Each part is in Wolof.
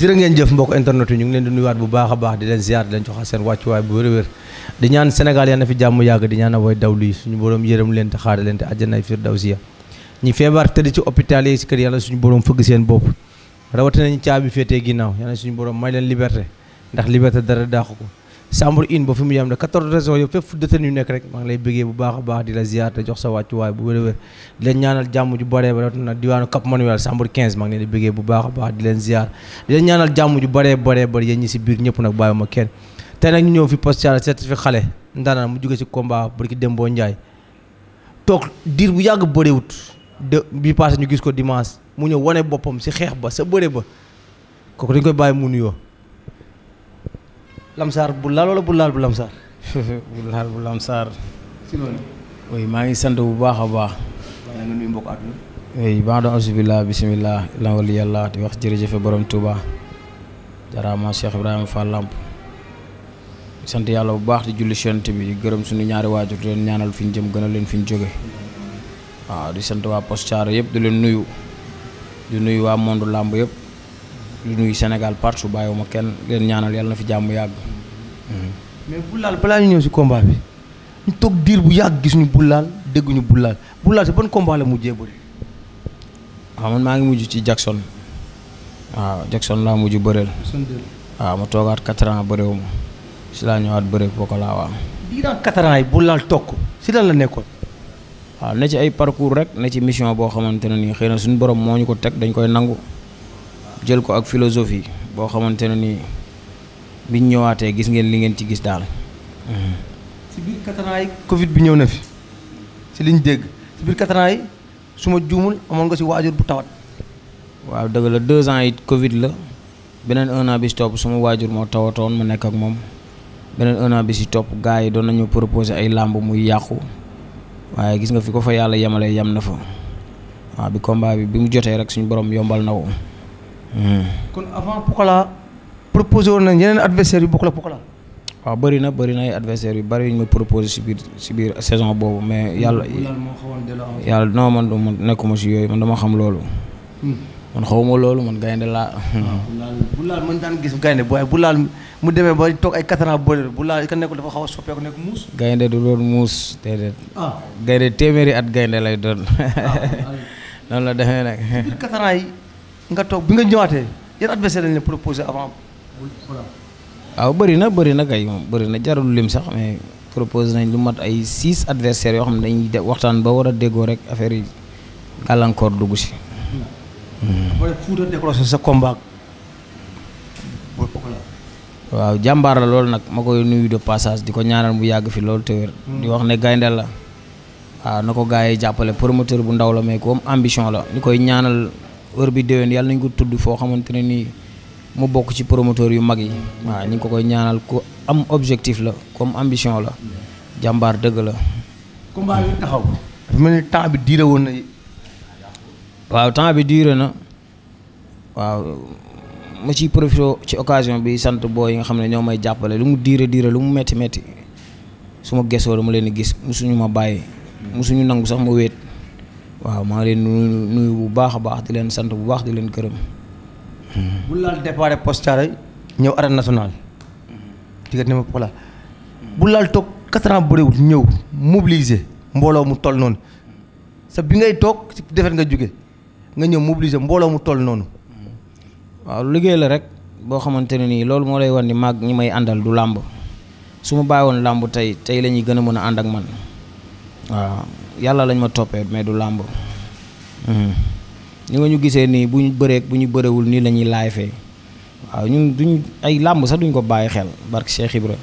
jërë ngeen jëf mbokk internet ñu ngi leen di nuyuwaat bu baax a baax di leen ziar di leen jox seen wàccuwaay bu wér-wér di ñaan Sénégal yal na fi jàmm yàgg di ñaan awooy daw lii suñu borom yërëm leen te xaare leen te àjjana firdawsiya ñi feebar tëdd ci hôpital yi ci kër yàlla suñu borom fëgg seen bopp rawatina ñu caabi féetee ginnaaw yal na suñu borom may leen liberté ndax liberté dara dàq ko chambre une ba fi mu yem ne 14 régions yëpp fépp fu détenu nekk rek maa ngi lay bëggee bu baax a baax di la ziar te jox sa wàccuwaay bu wér wér di leen ñaanal jàmm ju baree bare na diwaanu Cap a baax di leen ziar di ñaanal jàmm ju baree baree bari yéen ñi si biir ñëpp nag bàyyi ma kenn tey nag ñu ñëw fi post Thiala seet fi xale ndaanaan mu jóge si combat barki Dembo Ndiaye toog diir bu yàgg bëriwut de bi passé ñu gis ko dimanche mu ñëw wane boppam si xeex ba sa bëre ba kooku dañ koy bàyyi mu nuyoo Lamsaar bu laal wala bu laal bu Lamsaar. bu laal bu Lamsaar. si maa ngi sant bu baax a baax. maa ngi nuyu baax doon asubilaa bisimilah la wali yàlla di wax jërëjëfe borom tubaa jaraama Cheikh Ibrahima Fall Lamp. sant yàlla bu baax di julli Yonent bi di gërëm suñu ñaari waajur di leen ñaanal fi ñu jëm gënal leen fi ñu jóge waaw di sant waa Poste Thiaroye yëpp di leen nuyu. di nuyu waa monde làmb yëpp. di nuyu Sénégal partout bàyyiwuma kenn leen ñaanal yàlla na fi jàmm yàgg. Hmm. mais Boulaal balaa ñu ñëw si combat bi ñu toog diir bu yàgg gis ñu Boulaal dégguñu Boulaal Boulaal si ban combat la mujjee bëri. waaw man maa ngi mujj ci Jackson waaw Jackson laa mujj bëreel. waaw ma toogaat 4 ans bëreewuma si laa ñëwaat bëre Pokola waaw. diiraan 4 ans yi Boulaal toog ko si lan la nekkoon. waaw ne ci ay parcours rek ne ci mission boo xamante ne nii xëy na suñu borom moo ñu ko teg dañ koy nangu. jël ko ak philosophie boo xamante ne nii biñ ñëwaatee gis ngeen li ngeen ci gis daal. si biir quatre ans Covid bi ñëw na fi si liñ dégg si biir quatre yi su ma juumul amoon nga si waajur bu tawat. waaw dëgg la deux ans yi Covid la beneen un bi si topp suma waajur moo tawatoon mu nekk ak moom beneen un bi si topp gars yi doon nañu proposé ay làmb muy yàqu waaye gis nga fi ko fa yàlla yemale yem na fa waaw bi combat bi bi mu jotee rek suñu borom yombal na ko kon avant Pokola proposé woon nañ yeneen adversaire yu bokk la Pokola. waaw bëri na bëri na ay adversaires yu bëri yuñ ma proposé si biir si biir saison boobu mais yàlla. yàlla non man du ma nekkuma si yooyu man dama xam loolu. Hmm. man xawma loolu man gaynde laa. Ah, bu laal man daan gis gaynde bu waaye bu laal mu demee ba toog ay katana boole bu laal ka nekkul dafa xaw a soppeeku nekk muus. gaynde du loolu muus déedéet. ah gaynde téeméeri at gaynde lay doon. Ah, noonu la demee nga toog bi nga ñëwaatee yan adversaire lañ la proposé avant. waaw bëri na bëri na kay moom bëri na jarul lim sax mais proposé nañ lu mat ay six adversaires yoo xam ne dañuy waxtaan ba war a déggoo rek affaire yi gàllankoor dugg si. sa combat waaw jàmbaar la loolu nag ma koy nuyu de di ko ñaanal mu yàgg fi loolu te wér hmm. di wax ne gaynde la waaw na ko gars yi jàppale promoteur bu ndaw la mais ku ambition la ñu koy ñaanal. heure bi déwén yàlla nañ ko tudd foo xamante ne nii mu bokk ci promoteur yu mag yi waaw ñu ngi ko koy ñaanal ku am objectif la comme ambition la jàmbaar dëgg la. combat bi taxaw. mel ni temps diire woon na. waaw temps bi diire na waaw ma ciy profité ci occasion bi sant boo yi nga xam ne ñoo may jàppale lu mu diire diire lu mu metti metti su ma gesoo dama leen di gis suñu ma bàyyi. musuñu nangu sax ma wéet. waaw maa leen nuyu nuyu bu baax a baax di leen sant bu baax di leen këram bu laal départ postare ñëw arène nationale. diggante ma Pokola. bu laal toog quatre ans bëriwul ñëw mobiliser mbooloo mu toll noonu sa bi ngay toog si defet nga jóge nga ñëw mobiliser mbooloo mu toll noonu. waaw liggéey la rek boo xamante ne nii loolu moo lay wan ni maag ñi may àndal du làmb su ma bàyyi woon làmb tey tey la ñuy gën a mën a ànd ak man. waaw yàlla lañ ma toppee mais du làmb hmm. ni nga ñu gisee nii bu ñu bëreek bu ñu bërewul nii lañuy ñuy laay fee waaw ñun duñ ay làmb sax duñ ko bàyyi xel barke Cheikh Ibra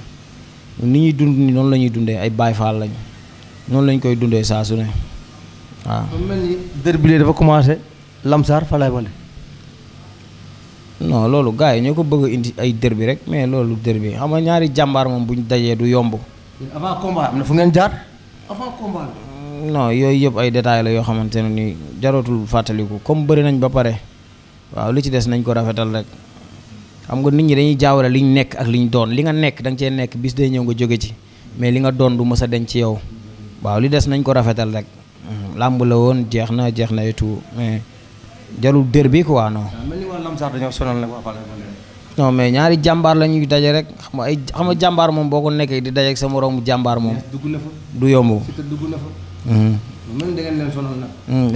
ni ñuy dund ni noonu la ñuy dundee ay Baay Faal lañ noonu lañ koy dundee saa su ne waaw. ba mel dafa commencé Lamsaar fa lay wane. non loolu gars yi ñoo ko bëgg indi ay dër bi rek mais loolu dër bi xam nga ñaari jàmbaar moom bu buñ dajee du yomb. fu ngeen jaar. avant combat non yooyu yëpp ay détails la yoo xamante ne ni jarootul fàttaliku comme bëri nañ ba pare waaw li ci des nañ ko rafetal rek xam nga nit ñi dañuy jaawale li nekk ak li ñu doon li nga nekk da cee nekk bis day ñëw nga jóge ci mais li nga doon du mës a denc ci yow waaw li des nañ ko rafetal rek mm, làmb la woon jeex na jeex na et tout mais jarul dër bi quoi waa Lamsaar non mais ñaari jàmbaar la ñuy daje rek xam nga ay xam jàmbaar moom boo ko nekkee di dajeeg sa moroomu jàmbaar moom. dugg na fa du yomb. te dugg na fa. man mm-hmm. da ngeen leen sonal mm,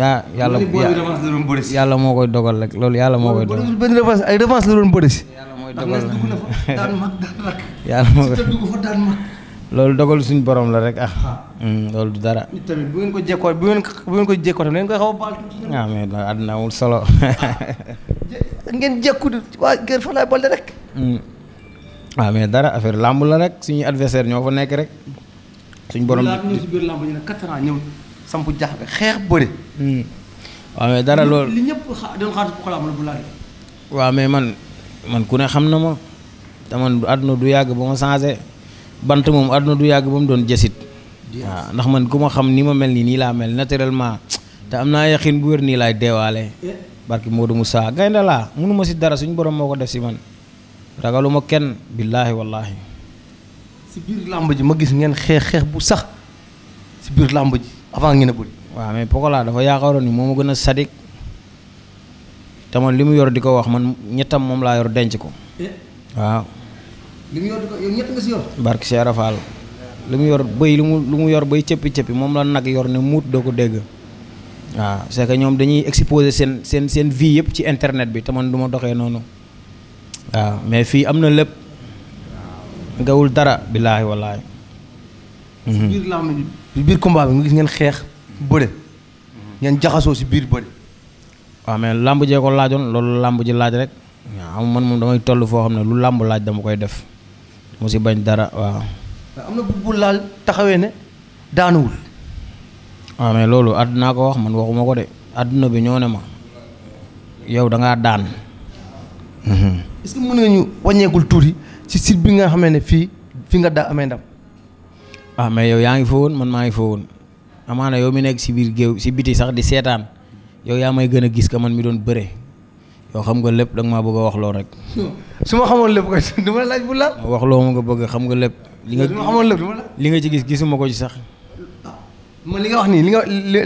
yàlla moo koy dogal rek loolu yàlla moo koy dogal. benn revanche la doon bëri si. yàlla mooy dogal rek yàlla moo koy dugg fa loolu dogalu suñu borom la rek ah. ah. Mm, loolu dara. bu ngeen ko jékkoon bu ngeen ko bu ngeen tamit ngeen koy xaw a baal. Ah, solo. Ah. ngeen jékku waa mm. mais dara affaire làmb la rek suñuy adversaire ñoo fa nekk rek. suñu borom laa ñëw si biir xeex bëri. Mm. waaw mais dara loolu li ñëpp xa doon mais man man ku ne xam na ma te man àdduna du yàgg ba ma changé. bant moom àdduna du yàgg ba doon jasit waaw ndax man ku ma xam ni ma mel nii nii laa mel naturellement te am naa yaqin bu wér nii laay deewaale barki Modou saa gaynde laa mënuma si dara suñu borom moo ko def si man ragaluma kenn billaahi wallaahi si biir làmb ji ma gis ngeen xeex xeex bu sax si biir làmb ji avant ngeen a bëri waaw mais Pokola dafa yaakaaroon ni moo a gën a sadik te man li mu yor di ko wax man ñettam moom laa yor denc ko waaw li mu yor di ko yor. barke mu yor bëy lu mu lu mu yor bëy cëppi cëppi moom la nag yor ne muut doo ko dégg. waaw c'est que ñoom dañuy exposer seen seen seen vie yëpp ci internet bi te man du doxee noonu. waaw mais fii am na lépp. gawul dara. billaahi wallaahi. Mhm. si biir làmb bi biir gis ngeen xeex bëre. ngeen jaxasoo si biir bëre. waaw mais làmb jee ko laajoon loolu làmb ji laaj rek. waaw man moom damay toll foo xam ne lu làmb laaj dama koy def. mu si bañ dara waaw. am na bu bu laal taxawee ne daanuwul. waaw mais loolu àdduna ko wax man waxuma ko de àdduna bi ñoo ne ma yow dangaa daan. Mhm. est-ce que mën nga ñu wàññeekul tuuti ci site bi nga xam ne fii fii nga daa amee ndam. ah mais yow yaa ngi fa woon man maa ngi fa woon amaana yow mi nekk si biir géew si biti sax di seetaan yow yaa may gën a gis ka man mi doon bëre. yoo xam nga lépp da nga maa bëgg wax loo rek. su ma xamoon lépp kay du ma laaj bu la. wax loo ma nga bëgg xam nga lépp. li nga xamoon lépp du ma la. li nga ci gis gisuma ko ci sax. Ah, ma li nga wax nii li nga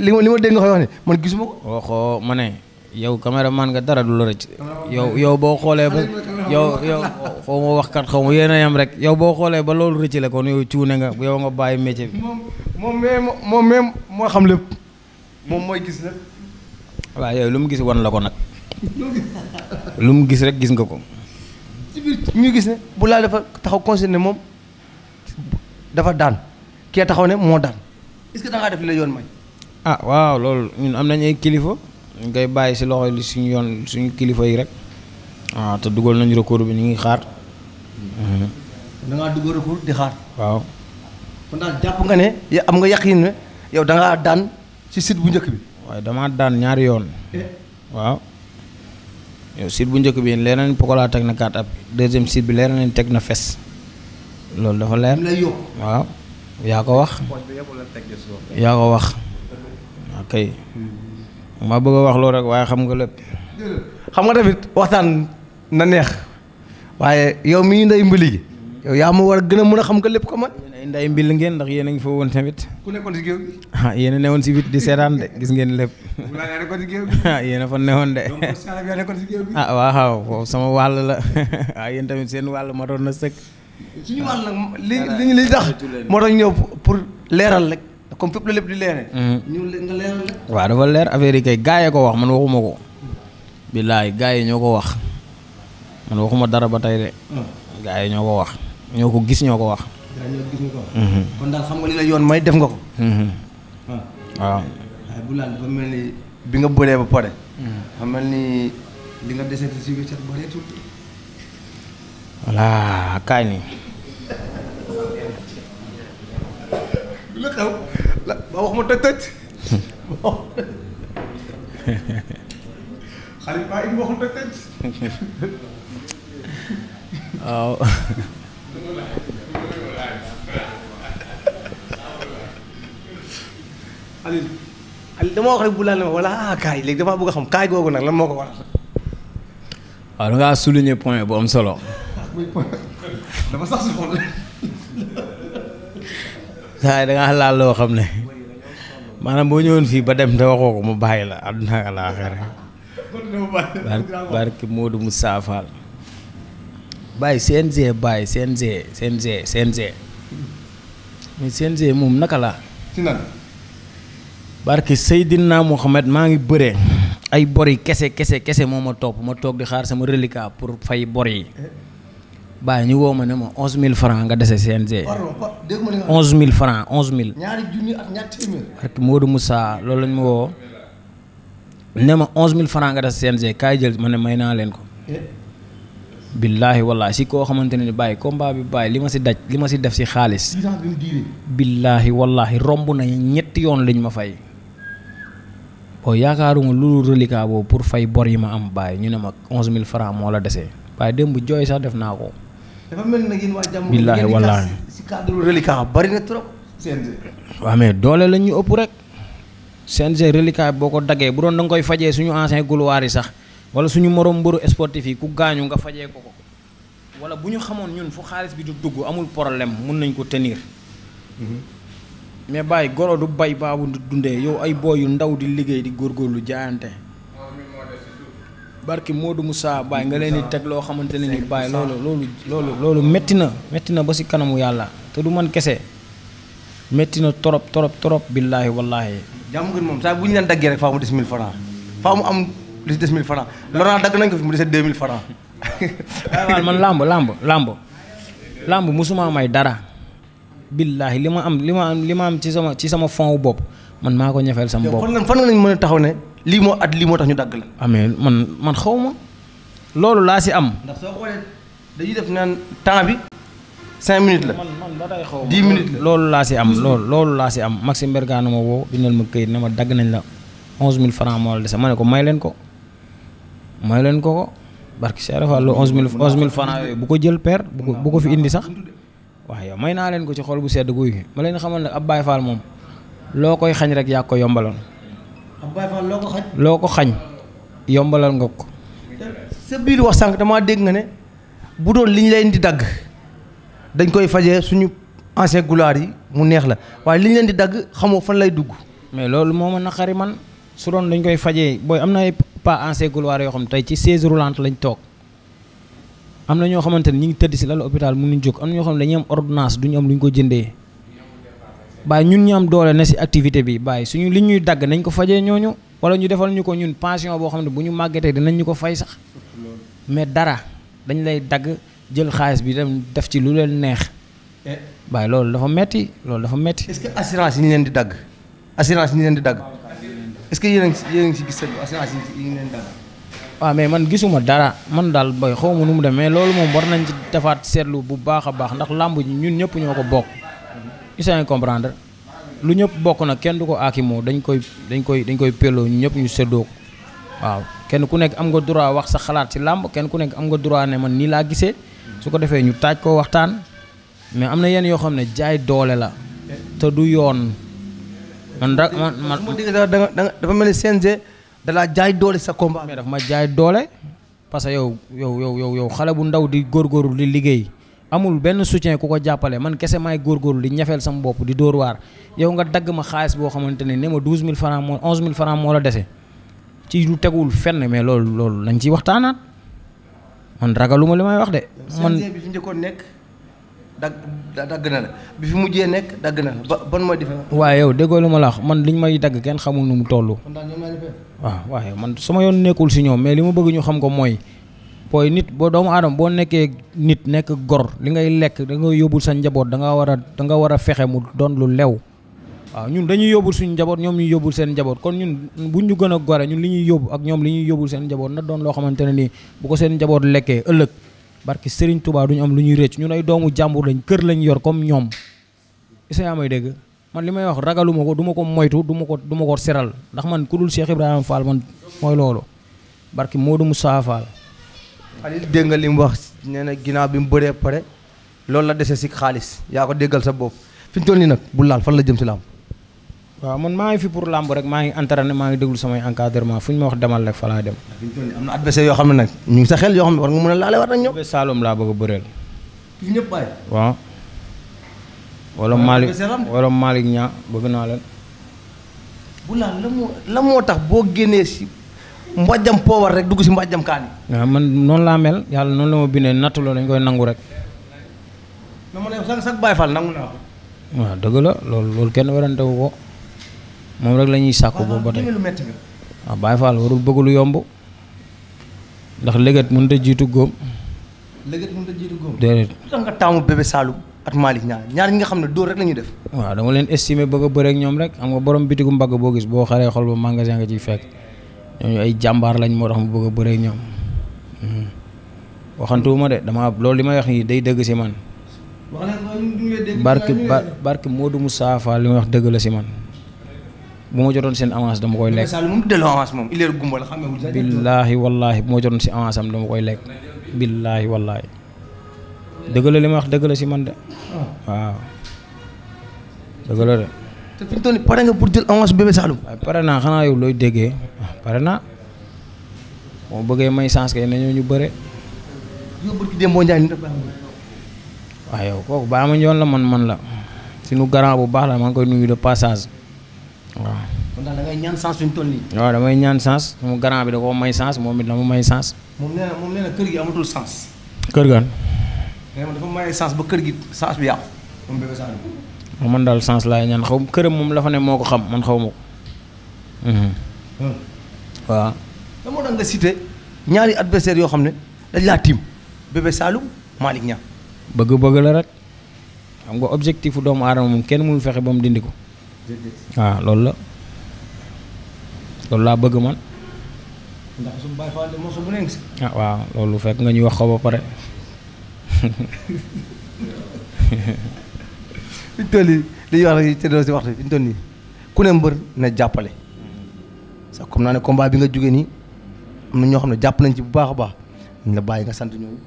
li ma li ma dégg nga wax nii man gisuma ko. waxoo ma ne yow man nga dara du la rëcc. yow yow boo xoolee ba yow yow wax kat xaw ma yéen a yem rek yow boo xoolee ba loolu rëcc la kon yow cuune nga yow nga bàyyi métier bi. moom moom même moom même moo xam lépp moom mooy gis nag. waaw lu mu gis wan la ko nag. lu mu gis rek gis nga ko. ñu gis ne bu laa dafa taxaw concerné moom dafa daan kee taxaw ne moo daan est la yoon may. ah waaw loolu ñun am nañ ay kilifa ñu koy bàyyi si loxo suñu yoon suñu kilifa yi rek. waaw ah, te dugal nañu recours bi ñu ngi xaar. Mhm. da dugal recours di xaar. waaw. kon daal jàpp nga ne am nga yaqin ne yow da ngaa daan ci site bu njëkk bi. waaye damaa daan ñaari yoon. Eh? waaw. site bu njëkk bi leer na Pokola teg na kaat appuis deuxième site bi leer na teg na fes loolu dafa leer. waaw yaa ko wax. yaa ko wax. ok ma bëgg a wax loolu rek waaye xam nga lépp. xam nga tamit waxtaan na neex waaye yow mi mii nday mbali yow yaa ma war a gën a mën a xam nga lépp ko man. ay nday mbil ngeen ndax yéen ngi fa woon tamit. ku nekkoon ci géew bi. ah yéen si bit di seetaan de gis ngeen lépp. wulaay yaa nekkoon ci de. ah waaw foofu sama wàll la ah yéen tamit seen wàll matoon na sëkk. suñu li li tax moo tax ñëw pour leeral rek comme fépp la lépp di leere. waa mm-hmm. nga dafa leer affaire yi kay gaa ko wax man waxuma ko. billaay gaa yi ñoo ko wax man waxuma dara ba tey de. Mm. gaa yi ñoo ko wax ñoo ko gis ñoo ko wax. Mhm. kon daal xam nga li la yoon may def nga ko. Mhm. Ah. waaw. waaye bu laal dafa mel ni bi nga bëree ba mhm. mel ni li nga dese ci biir set bëreetul. waaw. Aliou Aliou dama wax rek bu laal ne ma wala ah, kaay léegi damaa bëgg xam kaay googu nag lan moo ko waral. waaw da ngaa souligner point bu am solo. dafa saa yi da ngaa laal loo xam ne maanaam boo ñëwoon fii ba dem te waxoo ko mu bàyyi la àdduna ak àllaaxira barki Modou Moustapha bàyyi CNG bàyyi CNG CNG CNG mais CNG moom naka la ci nan barke Seydina Mohamed maa ngi bëre ay bori yi kese kese kese moo ma topp ma toog di xaar sama reliquat pour fay bor yi bàyyi ñu woo ma ne ma onze mille francs nga dese CNG. onze mille francs onze mille. ñaari junni ak ñaar téeméer. loolu lañ ma woo ne ma onze mille francs nga dese CNG kaay jël ma ne may naa leen ko. Eh? billaahi wallaahi si koo xamante ne bàyyi combat bi bàyyi li ma si daj li ma si def si xaalis. billaahi wallaahi romb na ñetti yoon lañ ma fay. boo yaakaaruma lu reliquat boobu pour fay bor yi ma am bàyyi ñu ne ma onze mille francs moo la desee waaye démb jooy sax def naa ko. dafa mel ni nag yéen waa jàmm. billaahi wallaahi si cadre doole la ëpp rek. CNG reliquat boo ko daggee bu doon da nga koy fajee suñu ancien gloire yi sax. wala suñu moroom mbëru sportif yi ku gaañu nga fajee ko ko wala bu ñu xamoon ñun fu xaalis bi du dugg amul problème mun nañ ko tenir mhm. mais bàyyi goro du bay baabu du dundee yow ay booy yu ndaw di liggéey di góor góor lu jaayante barki Modou Moussa Baye nga leen teg loo xamante ne ni Baye loolu loolu metti na métti na ba si kanamu yàlla te du man kese metti na torop torop torop billaahi wallaahi. jàmm gën moom saa bu leen daggee rek des 1000 faa mu am. li si des 1000 nañ ko fi mu man làmb làmb làmb làmb musuma may dara billaahi li ma am li ma li ma am ci sama ci sama fond bopp man maa ko ñefeel sama bopp. fan fan mën a taxaw ne lii at lii tax ñu dagg la. amee ah, man man xaw ma loolu laa si am. ndax soo xoolee def naan temps bi. cinq minutes la xaw ma dix minutes la laa si am loolu loolu laa si am Maxime Bergane ma woo ma këyit ne ma dagg nañ la onze mille francs moo la dese ma ne ko may leen ko. may leen ko ko barki Cheikh Fall lu onze mille onze yooyu bu ko jël père bu ko bu ko fi indi sax waaw yow may naa leen ko ci xol bu sedd guy ma leen xamal ne ab Baye moom loo koy xañ rek yaa ko yombaloon. ab Baye loo ko xañ. yombalal nga ko. sa wax sànq damaa dégg nga ne bu doon li ñu leen di dagg dañ koy fajee suñu ancien gulaar yi mu neex la waaye li ñu leen di dagg xamoo fan lay dugg. mais loolu moo ma naqari man su doon dañ koy fajee booy am naa ay pas ancien gloire yoo xam tey ci chaise roulante lañ toog am na ñoo xamante ni ñu ngi tëdd si lal hôpital mënuñ jóg am na ñoo xam ne am ordonnance duñu am lu ko jëndee bàyyi ñun ñu am doole na si activité bi bàyyi suñu li ñuy dagg nañ ko fajee ñooñu wala ñu defal ñu ko ñun pension boo xam ne bu ñu màggetee dinañ ñu ko fay sax mais dara dañ lay dagg jël xaalis bi dem def ci lu leen neex eh. bàyyi loolu dafa metti loolu dafa metti est-ce que assurance yi ñu leen di dagg assurance yi ñu leen di dagg est que yéen a ngi si yéen a ngi waaw mais man gisuma dara man daal boy xaw ma nu mu mais loolu moom war nañ ci defaat seetlu bu baax a baax ndax làmb ji ñun ñëpp ñoo ko bokk. isaani comprendre lu ñëpp bokk nag kenn du ko aakimoo dañ koy dañ koy dañ koy pelloo ñu ñëpp ñu séddoo ko waaw kenn ku nekk am nga droit wax sa xalaat ci làmb kenn ku nekk am nga droit ne man nii laa gisee. su ko defee ñu taaj koo waxtaan mais am na yenn yoo xam ne jaay doole la te du yoon. man da man man dafa mel ni CNG dalaa jaay doole sa combat. mais dafa ma jaay doole parce que yow yow yow yow yow xale bu ndaw di góor góor di liggéey amul benn soutien ku ko jàppale man kese maay góorgóorlu di ñafeel sama bopp di dóor waar yow nga dagg ma xaalis boo xamante ne ne ma douze mille francs moo onze mille francs moo la dese ci lu tegul fenn mais loolu loolu lañ ciy waxtaanaat man ragaluma li may wax de. man CNG bi nekk. dagg dagg na la bi fi mujjee nekk dagg na la ba ban mooy différence. waaye yow déggoo lu ma la wax man liñ may dagg kenn xamul nu mu toll. waaw waaye man ma yoon nekkul si ñoom mais li ma bëgg ñu xam ko mooy booy nit boo doomu aadama boo nekkee nit nekk gor li ngay lekk da nga yóbbul sa njaboot da nga war a da nga war fexe mu doon lu lew. waaw ñun dañuy yóbbul suñu njaboot ñoom ñu yóbbul seen njaboot kon ñun bu ñu gën a gore ñun li ñuy yóbbu ak ñoom li ñuy yóbbul seen njaboot na doon loo xamante ne nii bu ko seen njaboot lekkee ëllëg barki Serigne Touba duñu am lu ñuy rëcc ñu ay doomu jàmbur lañ kër lañ yor comme ñoom isa yaa may dégg man li may wax ragaluma ko du ma ko moytu du ma ko du ma ko seral ndax man ku dul Cheikh Ibrahima Fall man mooy loolu barki Modou Moussa Fall. Aliou dégg nga li mu wax nee na ginnaaw bi mu bëree pare loolu la dese si xaalis yaa ko déggal sa bopp fi ñu toll nii nag bu laal fan la jëm si laam waaw man maa ngi fi pour làmb rek maa ngi entraîné maa ngi déglu samay encadrement fu ñu ma wax demal rek fa laa dem. am yoo xam ne nag ñu ngi sa xel yoo xam ne war a laale war nañ laa bëgg a bëreel. ñëpp bàyyi. waaw. wala Malick wala Malick Niang moo tax boo génnee si mbàjjam poowar rek dugg si mbàjjam man noonu laa mel yàlla noonu la ma koy nangu rek. mais man yow sax sax Baye Fall nangu dëgg la loolu loolu kenn warantewu ko. moom rek lañuy ñuy sàkku boobu ba tey waaw warul bëgg lu yomb ndax légat mënut jiitu góom. légat mënut a déedéet da ak Malick ñaar ñaar ñi nga xam ne dóor rek def. waaw dama leen estimer bëgg a bëreeg ñoom rek am nga borom bitigu mbagg boo gis boo xaree xol ba magasin nga ciy fekk ñooñu ay jàmbaar lañ moo tax mu bëgg a bëreeg ñoom hmm. waxantuwuma de dama loolu li may wax nii day dëgg si man. barke barke Modou Moussa Fall li may wax dëgg la si man. bu ma jotoon seen avance dama koy lekk. Sall moom delloo moom il est gumbal xamewul sax. billaahi wallaahi bu ma jotoon si avance am dama koy lekk. billaahi wallaahi. dëgg la li ma wax dëgg la si man de. Ah. waaw. dëgg la de. te fi mu toll nii pare nga pour jël avance bébé Saloum. pare naa xanaa yow looy déggee ah, pare naa moo bëggee may chance kay nañoo ñu bëre. yow bëgg Demba Ndiaye nii dafa waaw yow kooku baa ma ñoon la man man la. suñu garant bu baax la ma ngi koy nuyu passage. waaw. kon da ngay ñaan sens toll nii. waaw damay ñaan sens mu grand bi da koo may sens moom it la may sens. moom nee na moom nee kër gi amatul sens. kër gan. nee na dafa ba kër gi sens bi yàqu. moom man daal sens laay ñaan xaw këram moom la fa ne moo ko xam man xaw ma ko. Mhm. waaw. lan moo nga cité ñaari adversaires yoo xam ne dañ laa tiim Bébé Saloum Malick Niang. bëgg-bëgg la rek xam nga objectif doomu aadama moom kenn mënul fexe ba mu dindi ko. waaw ah, loolu la laa bëgg man. ndax suñu Baay ah waaw loolu fekk nga ñuy wax ko ba pare. fi ñu toll nii li ñuy wax rek ci si waxtu bi toll nii ku ne mbër na jàppale. sax comme naa ne combat bi nga jógee nii am na ñoo xam ne jàpp nañ ci bu baax a baax ñu la bàyyi nga sant ñooñu.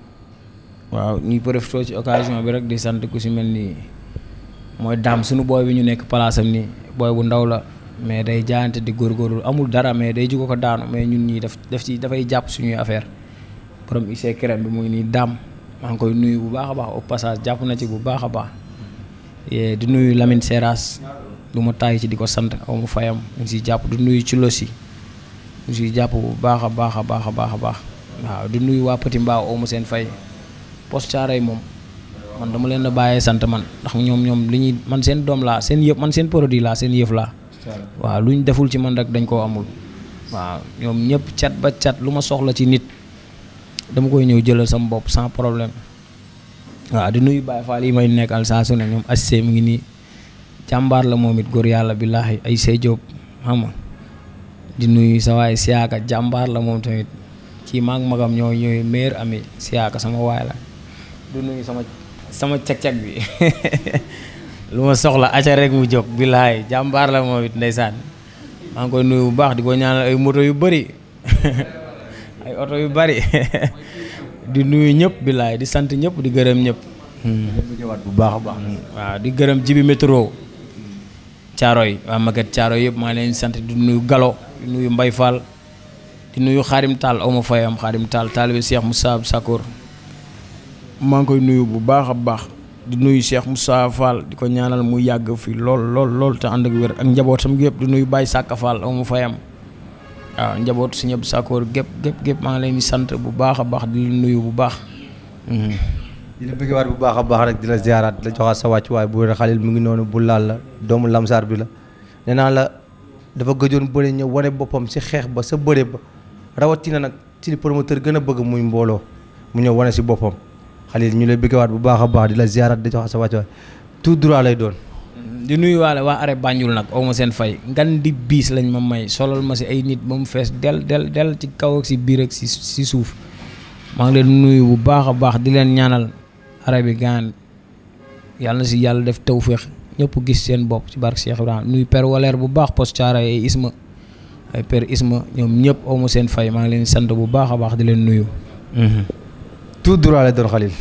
waaw ñuy profité ci occasion bi rek di sant ku si mel nii. mooy daam suñu booy bi ñu nekk palaasam ni booy bu ndaw la mais day jaayante di góorgóorlu amul dara mais day jugo ko daanu mais ñun ñii daf def ci dafay jàpp suñuy affaire borom isee crème bi muy nii daam ma ngi koy nuyu bu baax a baax au passage jàpp na ci bu baax a baax eh, di nuyu lamin Seras du ma tàyyi ci di ko sant aw mu fayam mu siy jàpp du nuyu ci losi mu siy jàpp bu baax a baax a baax a baax a baax waaw di nuyu waa Petit Mbao aw seen fay post caaray moom man dama leen a bàyyee sant man ndax ñoom ñoom li ñuy man seen doom laa seen yëf man seen produit laa seen yëf laa. waaw lu ñu deful ci man rek dañ koo amul. waaw ñoom ñëpp cat ba cat lu ma soxla ci nit dama koy ñëw jëlal sama bopp sans problème waaw di nuyu Baye Fall yi may nekkal saa su ñoom assisté mu ngi nii jàmbaar la moom it góor yàlla billaahi ay see Diop xam nga di nuyu sa waay siyaaka jàmbaar la moom tamit kii maag magam ñoo ñooy meilleur ami siyaaka sama sama cag-cag bi lu ma soxla aca rek mu jóg billaay jàmbaar la moom it ndeysaan maa ngi koy nuyu bu baax di ko ñaanal ay moto yu bari ay yu bëri di nuyu ñëpp billaay di sant ñëpp di gërëm ñëpp. bu hmm. baax a baax. Hmm. waaw di gërëm jibi métro. Caaroy waa Maguette Caaroy yëpp maa ngi leen sant di nuyu Galo di nuyu Mbay Fall di nuyu Xaarim Taal aw ma fayam Xaarim maa ngi koy nuyu bu baax a baax di nuyu Cheikh mu Fall di ko ñaanal mu yàgg fi lool lool lool te ànd ak wér ak njabootam gépp di nuyu Baye Sakka Fall fayam waaw njabootu si ñëpp gépp gépp gépp maa ngi leen sant bu baax a baax di nuyu bu baax. Mhm. di la bëggewaat bu baax a baax rek di la ziaraat di la joxaat sa wàccuwaay bu wér xalil mu ngi noonu bu laal la doomu lamsaar bi la nee naa la dafa gëjoon bëri ñëw wane boppam si xeex ba sa bëre ba rawatina nag ci li promoteur gën a bëgg muy mbooloo mu ñëw wane si boppam. xalil ñu lay bëggewaat bu baax a baax di la ziarat di jox sa wàccuwaay tout droit lay doon di nuyu waa are Banjul nag aw ma seen fay ngan di biis lañ ma may solal ma si ay nit ba mu fees del del del ci kaw ak biir ak si suuf maa ngi leen nuyu bu baax a baax di leen ñaanal are bi gaan yàlla si yàlla def tawféex ñëpp gis seen bopp ci barke Cheikh Ibrahima nuyu bu baax post caara ay isma ay père isma ñoom ñëpp aw seen fay maa ngi leen sant bu baax a baax di leen nuyu mhm. tout droit la doon xalil